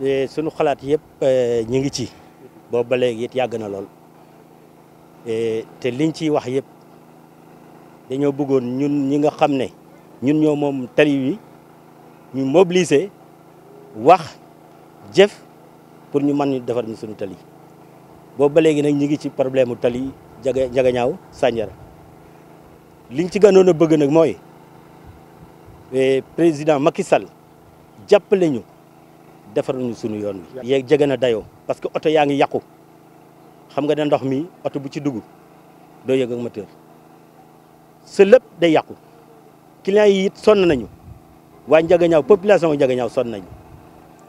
Eh, sunu xalaat yëpp eh, ñu ngi ci boobu ba léegi yàgg na lool eh, te liñ ciy wax yëpp dañoo bëggoon ñun ñi nga xam ne ñun ñoo moom tali wi ñu mobiliser wax jëf pour ñu mën ñu defar ñu suñu tali boobu ba léegi nag ñu ngi ci problème mu tali jaga jagañaaw Sandiara liñ ci gënoon a bëgg nag mooy président Macky Sall jàppale defaruñu suñu yoon bi yeeg jege na dayoo parce que oto yaa ngi yàqu xam nga ne ndox mi oto bu ci dugg doo yëg ak moteur sa lépp day yàqu clients yi it sonn nañu waa Ndiaganiao population Ndiaganiao sonn nañu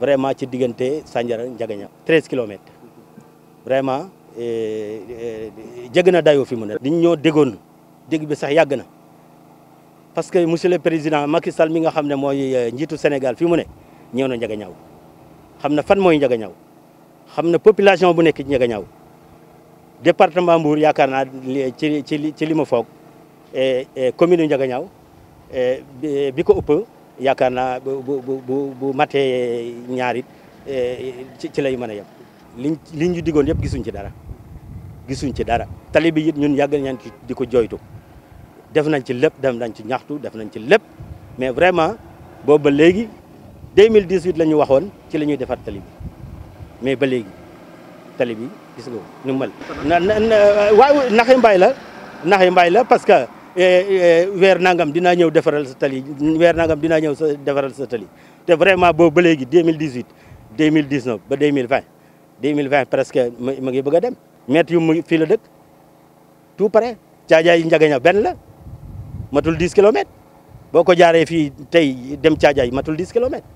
vraiment ci diggante Sandiara ñaw treize kilomètres vraiment eh, eh, jege na dayoo fi mu ne diñ ñoo déggoon dégg bi sax yàgg na parce que monsieur le président Macky Sall mi nga xam ne mooy eh, njiitu Sénégal fi mu ne ñëw na ñaw xam na fan mooy Ndiaganiao xam na population bu nekk ci Ndiaganiao département yaakaar naa ci ci ci li ma foog e, e, commune Ndiaganiao e, bi ko ëpp yaakaar naa bu bu bu bu matee ñaari ci ci lay mën a yem liñ liñ ñu diggoon yëpp gisuñ ci dara gisuñ ci dara tali bi it ñun yàgg nañ ci di ko jooytu def nañ ci lépp def nañ ci ñaxtu def nañ ci lépp mais vraiment boobu ba léegi mille 2018 la ñu waxoon ci la ñuy defar tali mais ba léegi tali bi gis nga ñu mel. na na nax i mbay la naxe mbaay la parce que eh, eh, weer nangam dinaa ñëw defaral sa tali weer nangam dinaa ñëw sa defaral sa tali te vraiment boobu ba léegi 2018 2019 ba 2020 2020 presque ma ngi bëgg a dem. mètre yu mu fii la dëkk tout près caajaay njagaña benn la matul 10 kilomètres boo ko jaaree fii tey dem caajaay matul 10 kilomètres.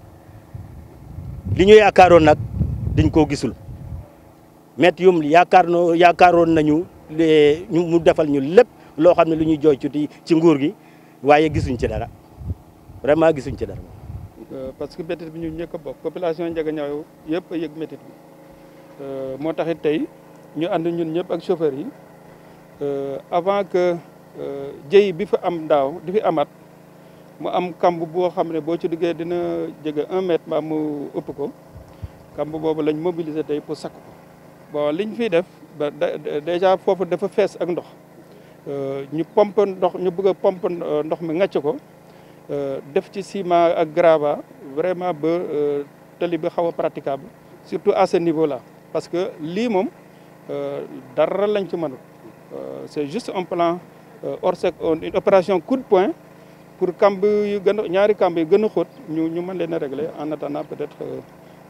li ñu yaakaaroon nag dañ koo gisul met yum yaakaar no yaakaaroon nañu mu defal ñu lépp loo xam ne lu ñuy jooytuti ci nguur gi waaye gisuñ ci dara vraiment gisuñ ci dara. Euh, parce que métit bi ñu ñëkk a bokk population Ndiaganiao yëpp a yëg métit bi euh, moo taxit tey ñu ànd ñun ñëpp ak chauffeur yi euh, avant que jëy bi fa am daaw di fi amaat. mu am kambu bo xamne bo ci duggé dina jëgë 1 mètre ba mu upp ko kambu bobu lañ mobiliser tay pour sak ko bo liñ fi def déjà fofu dafa fess ak ndox euh ñu pompe ndox ñu bëgg pompe euh, ndox mi ngacc ko euh def ci ciment ak grava vraiment ba euh, tali bi xawa praticable surtout à ce niveau là parce que li mom euh dara lañ ci mënul euh, c'est juste un plan hors sec une opération coup de poing pour camp yu gën a ñaari camp régler en attendant peut-être euh,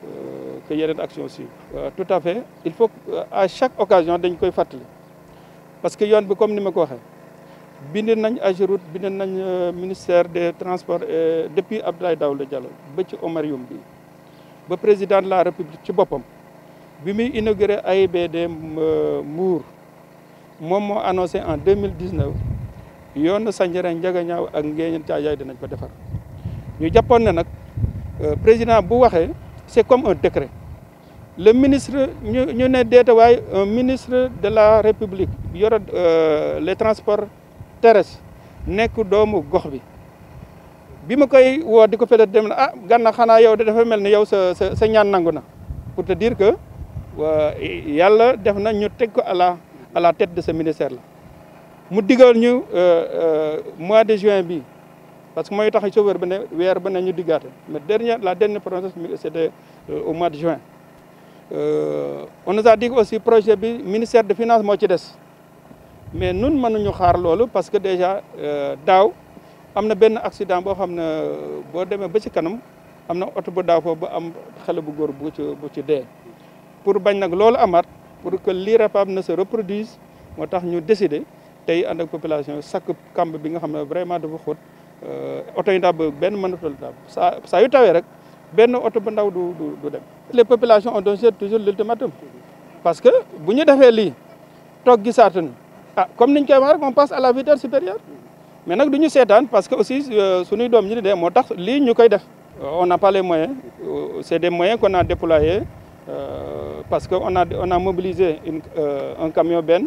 euh, que une action aussi. Euh, tout à fait il faut à chaque occasion dañ koy fàttali parce que yoon bi comme ni ma ko waxee bind nañ bind nañ ministère des transports depuis Abdoulaye Daouda Diallo ba ci Omar Youm bi président de la République ci boppam bi muy inauguré AIBD Mour, moom moo annoncé en 2019 yoonu Sandiara Ndiagañaaw ak Ngéeñeen Caajaay dinañ ko defar ñu jàppoon na nag euh, président bu waxee c'est comme un décret le ministre ñu ñu ne deete waaye un ministre de la république yore euh, les transports terrestres nekk doomu gox bi bi ma koy woo di ko fële dem na ah Gana xanaa yow de dafa mel ni yow sa sa sa ñaan nangu na pour te dire que yàlla def na ñu teg ko à la à la tête de ce ministère la mu digal ñu euh, euh, mois de juin bi parce que mooy tax chauffeur ba ne weer ba ne ñu diggaate mais dernière la dernière promesse c'était euh, au mois de juin on nous a dit aussi projet bi ministère de finance moo ci des mais nun mënuñu xaar loolu parce que déjà daaw am na ben accident boo xam ne boo demee ba ci kanam am na oto bu am xale bu góor bu ci bu ci dee pour bañ nag loolu amaat pour que l'irréparable ne se reproduise moo tax ñu décidé tey ànd population yi sakk kamb bi nga xam vraiment de xóot euh, oto yi daal benn mënatul daal saa saa yu tawee rek benn oto bu ndaw du du dem. les populations ont donné toujours l'ultimatum parce que bu ñu defee lii toog ah comme niñ koy wax on passe à la vitesse supérieure mais nag du ñu parce que aussi euh, suñuy doom ñi di dee moo tax lii def. Euh, on n'a pas les moyens c'est des moyens qu'on a déployés parce que on a on a mobilisé une un camion ben.